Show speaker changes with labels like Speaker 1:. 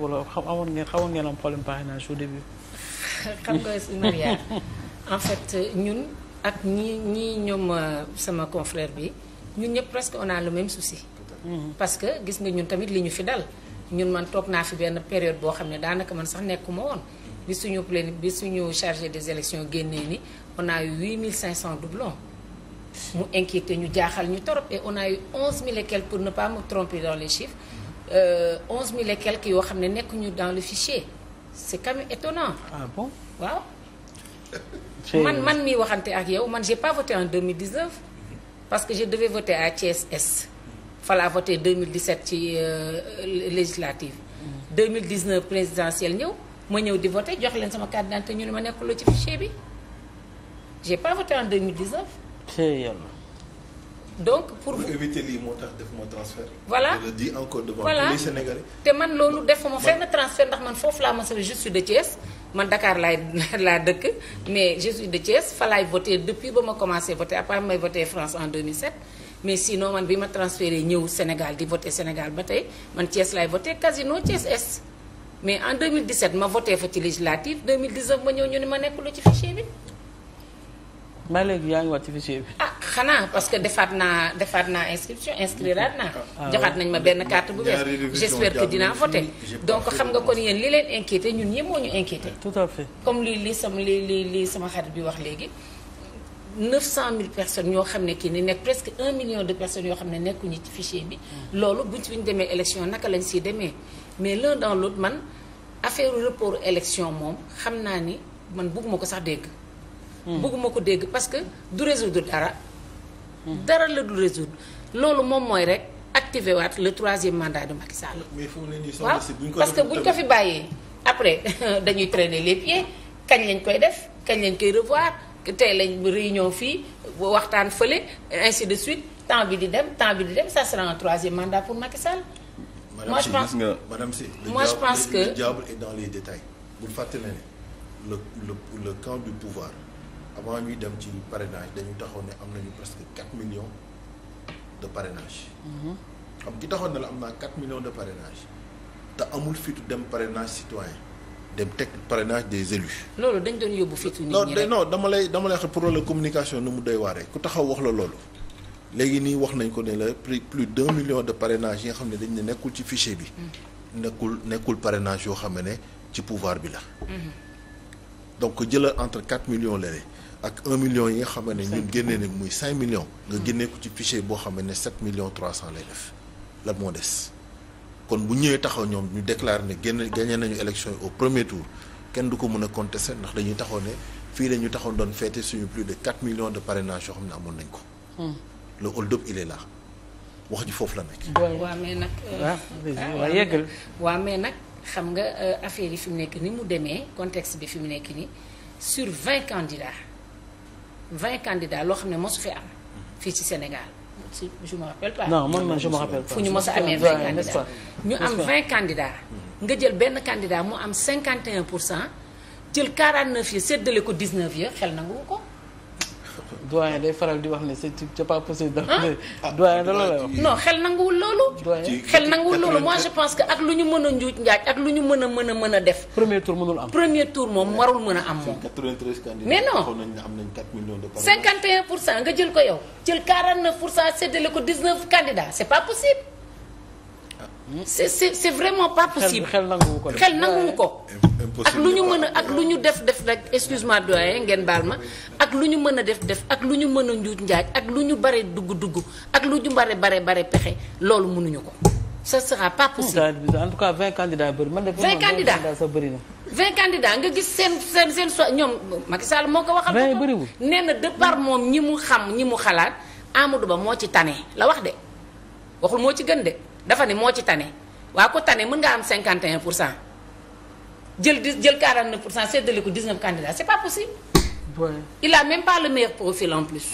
Speaker 1: wala xam amoon ngeen xamoon ngeen am problème parrainage au début. Maria en fait ñun ak ñi ñii ñoom euh, sama confrère bi ñun ñëpp presque on a le même souci. Mhm. parce que gis nga ñun tamit li ñu fi dal. ñun man toog naa fi benn période boo xam ne daanaka man sax nekkuma woon bi suñu plein bi suñu chargé des élections génnee ni on a eu 8500 doublons mu inquiété ñu jaaxal ñu torop et on a eu 11000 pour ne pas me tromper Euh, onze mille et quelques yoo xam ne nekkuñu dans le fichier c'est quand même étonnant. Ah waaw. man man mi waxante ak yow man j'ai pas voté en 2019 parce que je devais voter à Thiès Est fala voté 2017 ci euh, législative 2019 mm. présidentielle ñëw ma ñëw di voté jox leen sama carte ñu ne ma nekkuloo ci fichier bi j'ai pas voté en 2019. donc pour pour
Speaker 2: éviter lii moo tax voilà
Speaker 1: te man loolu defuma fenn transfert ndax man foofu laa ma a je suis de Thiès man Dakar laay laa dëkk mais je suis de Thiès fa laay voté depuis ba ma commencé voté après may voté France en 2007. mais sinon man bi ma transféré ñëw Sénégal di voté Sénégal ba tey man Thiès laay voté Casino Thiès Est mais en 2017 ma voté fa ci législative 2019 ma ñëw ñu ne ma nekkul ci fichier bi. ba léegi yaa ngi wax xanaa parce que defaat naa defaat naa inscription inscriraat naa. Ah, joxaat nañ ma benn carte bu bees. j'espère que dinaa voter donc xam nga kon yéen li leen inquiété ñun ñëpp moo ñu inquiété. tout à fait comme li li sama li li li sama xarit bi wax léegi. 900000 personnes yoo xam ne kii ni nekk presque 1 million de personnes yoo xam ne nekkuñu ci fichier bi. loolu buñ ci buñ demee élection naka lañu siy demee mais l'un dans l'autre man affaire report élection moom xam naa ni man bëgguma ko sax dégg. Hmm. bëgguma ko dégg parce que du résoudre dara. dara la du résoudre loolu moom mooy rek activé waat le troisième mandat de Macky Sall. mais waaw parce que buñ ko fi bàyyee après dañuy traîner les pieds kañ lañ koy def kañ lañ koy revoir tey lañ réunion fii waxtaan fële ainsi de suite temps bi di dem temps bi di dem ça sera un troisième mandat pour Macky Sall. moi je pense que
Speaker 2: madame Sy moi je pense que le diable est dans les détails bul fàtte ne le le le camp du pouvoir. avant ñuy dem ci parrainage dañu taxaw ne am nañu presque 4 millions de parrainage. Mhm. xam ki taxaw ne la am naa 4 millions de parrainage te amul fitu dem parrainage citoyen dem teg parrainage des élus.
Speaker 1: loolu dañ doon yóbbu fitu dañ ñi rek
Speaker 2: non dama lay dama lay wax pour la communication nu mu doy waaree ku taxaw wax la loolu. léegi nii wax nañ ko ne la plus plus d'un million de parrainage yi nga xam ne dañ ne nekkul ci fichier bi. Mhm. nekkul nekkul parrainage yoo xam ne ci pouvoir bi la. Mhm. donc jëlal entre 4 millions leneen. ak 1 million yi nga xam ne ñun génnee ne muy 5 millions. nga hmm. génnee ko ci fichier boo xam ne 7 millions 300 lay def lan moo des kon bu ñëwee taxaw ñoom ñu déclaré ne génn gagné nañu élection yi au premier tour kenn du ko mën a contester ndax dañuy taxaw ne fii la ñu taxaw doon féete suñu plus de 4 millions de parrainage yoo xam ne amoon nañ ko. Hmm. le hold-up
Speaker 1: wax ji foofu la nekk. waaw mais nag. Euh, ah, ah, waaw yeggal. waaw mais nag xam nga euh, affaire yi fi mu nekk ni mu demee contexte bi fi mu nekk nii sur vingt candidats. vingt candidats loo xam ne mosu fi am fii ci Sénégal si je me rappelle pas. non man fu ñu mos a amee vingt candidats ñu am vingt candidats nga jël benn candidat mu am cinquante et pour cent jël quarante neuf yi séddale ko dix neuf ya xel nangu ko.
Speaker 2: doyen day faral di wax ne c'est pas possible. Ah, doyen
Speaker 1: loolu la wax. non xel nanguwul loolu. xel nanguwul loolu moi je pense que ak lu ñu mën a njuuj njaaj ak lu ñu mën a mën a mën a def. premier tour mënul am premier tour moom warul mën a am moom. 93 candidats mais non xaw nañ ne am nañ 4 pour cent nga jël ko yow jël 49 pour cent séddale ko 19 candidats c'est pas possible. Ah. c'est c'est c'est vraiment pas possible xel nanguwu ko xel nanguwu ko. ak lu ñu mën a ak lu ñu def def rek excuse-moi ngeen baal ma. lu ñu mën a def def ak lu ñu mën a njuuj njaaj ak lu ñu bare dugg dugg ak lu ñu bare bare bare pexe loolu mënuñu ko ce sera pas possible. en tout cas vingt candidats bëri man de. vingt candidats sax bëri na. vingt candidats nga gis seen seen seen ñoom Macky Sall moo ko waxal. vingt bëriwul nee na de par moom ñi mu xam ñi mu xalaat Amadou Ba moo ci tane la wax de waxul moo ci gën de dafa ne moo ci tane waa ko tane mën nga am cinquante 51 pour cent jël di jël 49 pour cent séddale ko 19 candidats c'est pas possible. Ouais. Il a même pas le meilleur profil en plus.